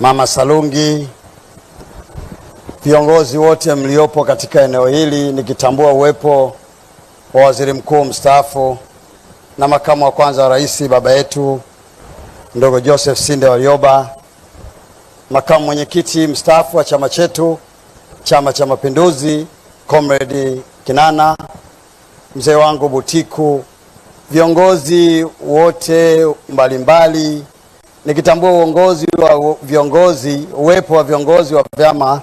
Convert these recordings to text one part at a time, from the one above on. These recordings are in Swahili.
Mama Salungi, viongozi wote mliopo katika eneo hili, nikitambua uwepo wa waziri mkuu mstaafu na makamu wa kwanza wa rais baba yetu ndogo Joseph Sinde Warioba, makamu mwenyekiti mstaafu wa chama chetu, Chama cha Mapinduzi, comrade Kinana, mzee wangu Butiku, viongozi wote mbalimbali mbali, nikitambua uongozi wa viongozi, uwepo wa viongozi wa vyama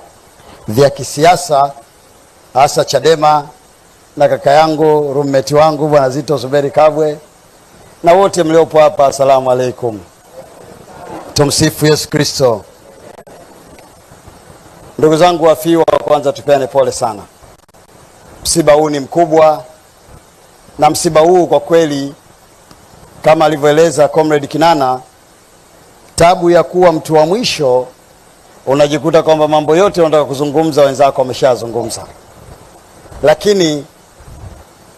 vya kisiasa hasa Chadema na kaka yangu rummeti wangu bwana Zito Zuberi Kabwe na wote mliopo hapa, asalamu alaikum. Tumsifu Yesu Kristo. Ndugu zangu wafiwa, kwanza tupeane pole sana. Msiba huu ni mkubwa, na msiba huu kwa kweli, kama alivyoeleza comrade Kinana, tabu ya kuwa mtu wa mwisho, unajikuta kwamba mambo yote unataka kuzungumza wenzako wameshazungumza. Lakini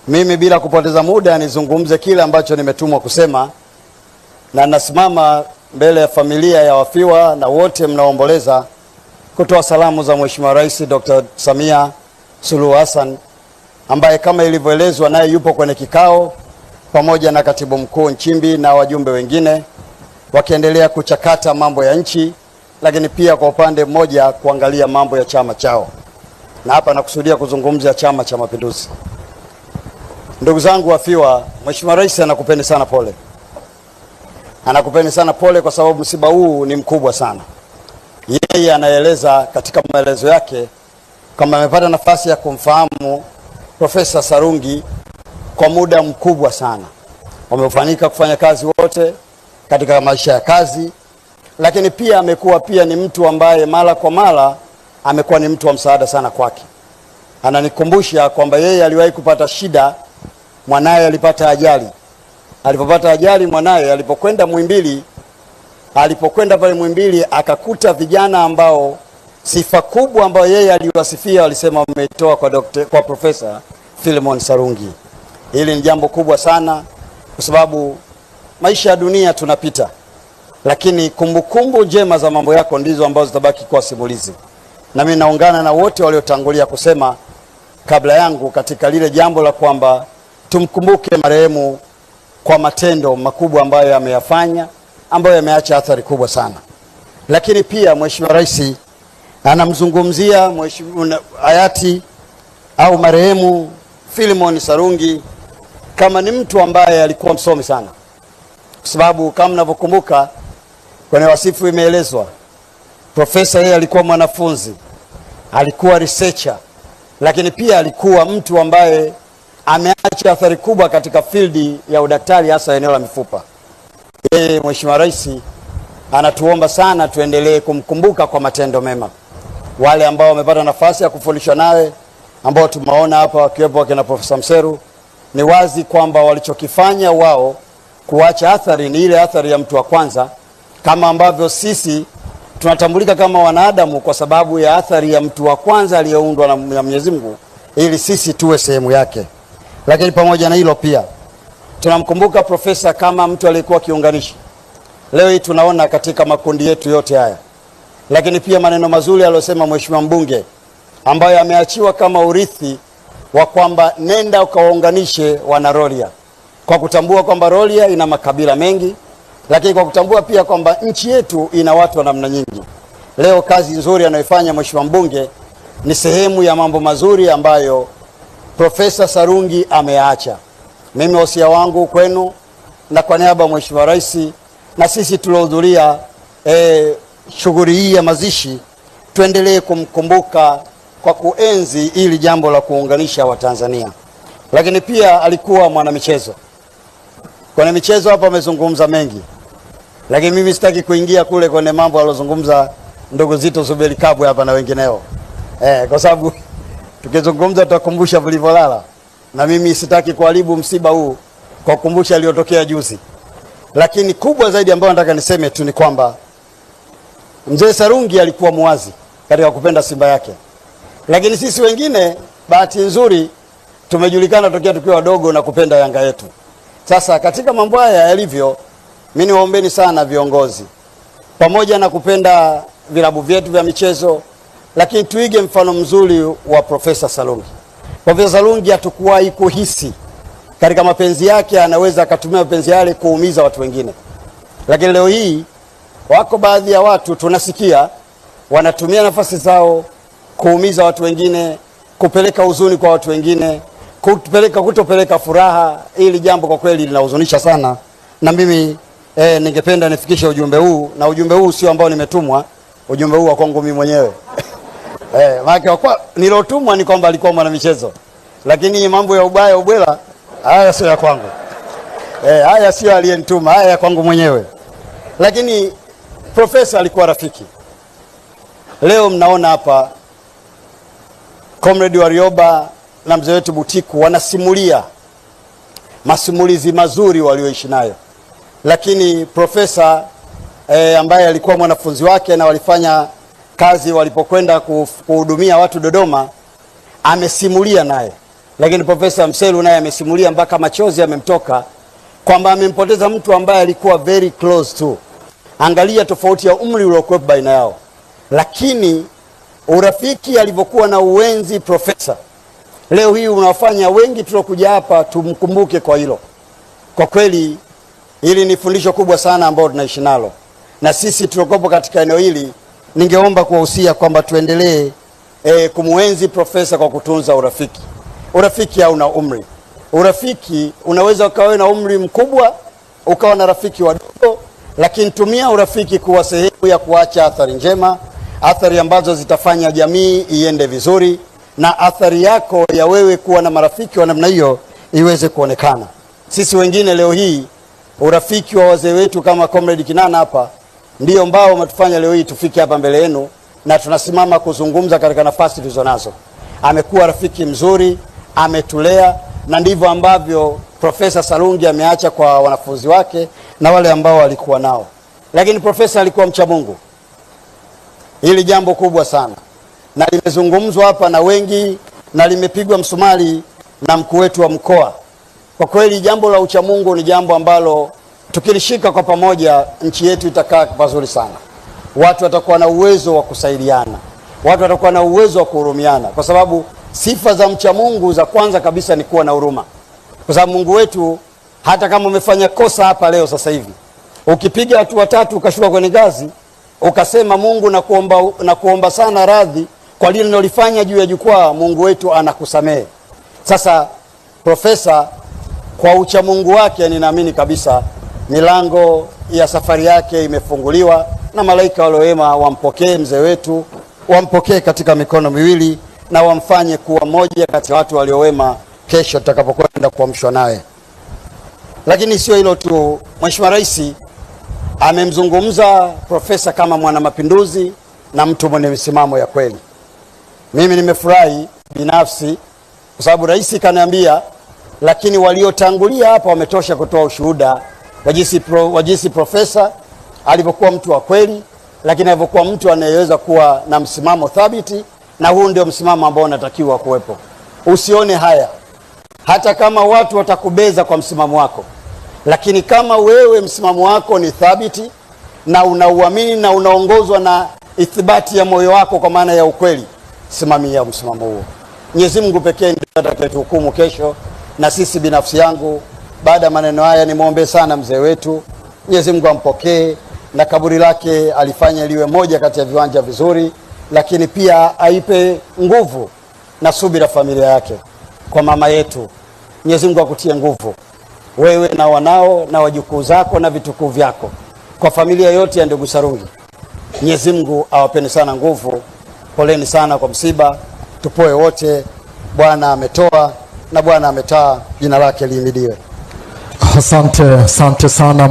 mimi bila kupoteza muda nizungumze kile ambacho nimetumwa kusema, na nasimama mbele ya familia ya wafiwa na wote mnaoomboleza kutoa salamu za Mheshimiwa Rais Dr. Samia Suluhu Hassan ambaye kama ilivyoelezwa naye yupo kwenye kikao pamoja na Katibu Mkuu Nchimbi na wajumbe wengine wakiendelea kuchakata mambo ya nchi, lakini pia kwa upande mmoja kuangalia mambo ya chama chao, na hapa nakusudia kuzungumzia Chama cha Mapinduzi. Ndugu zangu wafiwa, Mheshimiwa Rais anakupeni sana pole, anakupeni sana pole kwa sababu msiba huu ni mkubwa sana. Yeye anaeleza katika maelezo yake kama amepata nafasi ya kumfahamu Profesa Sarungi kwa muda mkubwa sana, wamefanyika kufanya kazi wote katika maisha ya kazi, lakini pia amekuwa pia ni mtu ambaye mara kwa mara amekuwa ni mtu wa msaada sana kwake. Ananikumbusha kwamba yeye aliwahi kupata shida, mwanaye alipata ajali. Alipopata ajali mwanaye, alipokwenda Muhimbili, alipokwenda pale Muhimbili akakuta vijana ambao sifa kubwa ambayo yeye aliwasifia walisema wameitoa kwa kwa Profesa Philemon Sarungi. Hili ni jambo kubwa sana kwa sababu maisha ya dunia tunapita, lakini kumbukumbu kumbu njema za mambo yako ndizo ambazo zitabaki kuwa simulizi. Na mimi naungana na wote waliotangulia kusema kabla yangu katika lile jambo la kwamba tumkumbuke marehemu kwa matendo makubwa ambayo ameyafanya, ambayo yameacha athari kubwa sana. Lakini pia Mheshimiwa Rais anamzungumzia mheshimiwa hayati au marehemu Filimon Sarungi kama ni mtu ambaye alikuwa msomi sana kwa sababu kama mnavyokumbuka kwenye wasifu imeelezwa, profesa yeye alikuwa mwanafunzi, alikuwa researcher, lakini pia alikuwa mtu ambaye ameacha athari kubwa katika fildi ya udaktari, hasa eneo la mifupa. Yeye Mheshimiwa Rais anatuomba sana tuendelee kumkumbuka kwa matendo mema. Wale ambao wamepata nafasi ya kufundishwa naye ambao tumeona hapa wakiwepo wakina Profesa Mseru, ni wazi kwamba walichokifanya wao kuacha athari ni ile athari ya mtu wa kwanza, kama ambavyo sisi tunatambulika kama wanadamu kwa sababu ya athari ya mtu wa kwanza aliyeundwa na Mwenyezi Mungu, ili sisi tuwe sehemu yake. Lakini pamoja na hilo pia tunamkumbuka profesa kama mtu aliyekuwa kiunganishi. Leo hii tunaona katika makundi yetu yote haya, lakini pia maneno mazuri aliyosema mheshimiwa mbunge ambayo ameachiwa kama urithi wa kwamba nenda ukawaunganishe Wanaroria kwa kutambua kwamba rolia ina makabila mengi, lakini kwa kutambua pia kwamba nchi yetu ina watu wa namna nyingi. Leo kazi nzuri anayofanya mheshimiwa mbunge ni sehemu ya mambo mazuri ambayo Profesa Sarungi ameacha Mimi wasia wangu kwenu na kwa niaba ya mheshimiwa rais na sisi tuliohudhuria e, shughuli hii ya mazishi tuendelee kumkumbuka kwa kuenzi ili jambo la kuunganisha Watanzania, lakini pia alikuwa mwanamichezo. Kwenye michezo hapa wamezungumza mengi, lakini mimi sitaki kuingia kule kwenye mambo alozungumza ndugu Zito Zuberi Kabwe hapa na wengineo eh, kwa sababu tukizungumza tutakumbusha vilivyolala, na mimi sitaki kuharibu msiba huu kwa kukumbusha aliyotokea juzi. Lakini kubwa zaidi ambayo nataka niseme tu ni kwamba mzee Sarungi alikuwa muwazi katika kupenda Simba yake, lakini sisi wengine bahati nzuri tumejulikana tokea tukiwa wadogo na kupenda Yanga yetu. Sasa katika mambo haya yalivyo, mimi niwaombeni sana viongozi, pamoja na kupenda vilabu vyetu vya michezo, lakini tuige mfano mzuri wa Profesa Salungi. Profesa Salungi hatukuwahi kuhisi katika mapenzi yake anaweza akatumia mapenzi yale kuumiza watu wengine, lakini leo hii wako baadhi ya watu tunasikia wanatumia nafasi zao kuumiza watu wengine, kupeleka huzuni kwa watu wengine, kutopeleka kutopeleka furaha. Hili jambo kwa kweli linahuzunisha sana, na mimi eh, ningependa nifikishe ujumbe huu, na ujumbe huu sio ambao nimetumwa, ujumbe huu wa kwangu mimi mwenyewe eh, maana kwa nilotumwa ni kwamba alikuwa mwana michezo, lakini mambo ya ubaya ubwela haya sio ya kwangu eh, haya sio aliyenituma, haya ya kwangu mwenyewe. Lakini profesa alikuwa rafiki. Leo mnaona hapa Comrade Warioba na mzee wetu Butiku wanasimulia masimulizi mazuri walioishi nayo, lakini profesa e, ambaye alikuwa mwanafunzi wake na walifanya kazi walipokwenda kuhudumia watu Dodoma, amesimulia naye, lakini profesa Mselu naye amesimulia mpaka machozi amemtoka kwamba amempoteza mtu ambaye alikuwa very close to. Angalia tofauti ya umri uliokuwepo baina yao, lakini urafiki alivyokuwa na uwenzi profesa leo hii unawafanya wengi tuliokuja hapa tumkumbuke kwa hilo. Kwa kweli hili ni fundisho kubwa sana ambalo tunaishi nalo, na sisi tuliokopo katika eneo hili, ningeomba kuwahusia kwamba tuendelee e, kumwenzi profesa kwa kutunza urafiki. Urafiki hauna umri. Urafiki unaweza ukawa na umri mkubwa, ukawa na rafiki wadogo, lakini tumia urafiki kuwa sehemu ya kuacha athari njema, athari ambazo zitafanya jamii iende vizuri na athari yako ya wewe kuwa na marafiki wa namna hiyo iweze kuonekana. Sisi wengine leo hii urafiki wa wazee wetu kama Comrade Kinana hapa ndio ambao umetufanya leo hii tufike hapa mbele yenu na tunasimama kuzungumza katika nafasi tulizo nazo. Amekuwa rafiki mzuri, ametulea na ndivyo ambavyo Profesa Sarungi ameacha kwa wanafunzi wake na wale ambao walikuwa nao. Lakini profesa alikuwa mcha Mungu, hili jambo kubwa sana na limezungumzwa hapa na wengi na limepigwa msumari na mkuu wetu wa mkoa. Kwa kweli jambo la uchamungu ni jambo ambalo tukilishika kwa pamoja, nchi yetu itakaa pazuri sana. Watu watakuwa na uwezo wa kusaidiana, watu watakuwa na uwezo wa kuhurumiana, kwa sababu sifa za mchamungu za kwanza kabisa ni kuwa na huruma, kwa sababu Mungu wetu hata kama umefanya kosa hapa leo sasa hivi, ukipiga watu watatu ukashuka kwenye ngazi ukasema Mungu, nakuomba na kuomba sana radhi kwa lile nilolifanya juu ya jukwaa, Mungu wetu anakusamehe. Sasa profesa kwa uchamungu wake, ninaamini kabisa milango ya safari yake imefunguliwa, na malaika waliowema wampokee mzee wetu, wampokee katika mikono miwili na wamfanye kuwa mmoja kati ya watu waliowema kesho tutakapokwenda kuamshwa naye. Lakini sio hilo tu, Mheshimiwa Rais amemzungumza profesa kama mwana mapinduzi na mtu mwenye misimamo ya kweli. Mimi nimefurahi binafsi kwa sababu rais kaniambia, lakini waliotangulia hapa wametosha kutoa ushuhuda wa jinsi profesa alivyokuwa mtu wa kweli, lakini alivyokuwa mtu anayeweza kuwa na msimamo thabiti, na huu ndio msimamo ambao unatakiwa kuwepo. Usione haya hata kama watu watakubeza kwa msimamo wako, lakini kama wewe msimamo wako ni thabiti na unauamini na unaongozwa na ithibati ya moyo wako, kwa maana ya ukweli simamia msimamo huo. Mwenyezi Mungu pekee ndiye atakayetuhukumu kesho, na sisi binafsi yangu, baada ya maneno haya, nimwombee sana mzee wetu. Mwenyezi Mungu ampokee na kaburi lake alifanya liwe moja kati ya viwanja vizuri, lakini pia aipe nguvu na subira familia yake. Kwa mama yetu, Mwenyezi Mungu akutie nguvu wewe na wanao na wajukuu zako na vitukuu vyako, kwa familia yote ya ndugu Sarungi. Mwenyezi Mungu awapeni sana nguvu poleni sana kwa msiba, tupoe wote. Bwana ametoa na Bwana ametaa, jina lake lihimidiwe. Asante, asante sana.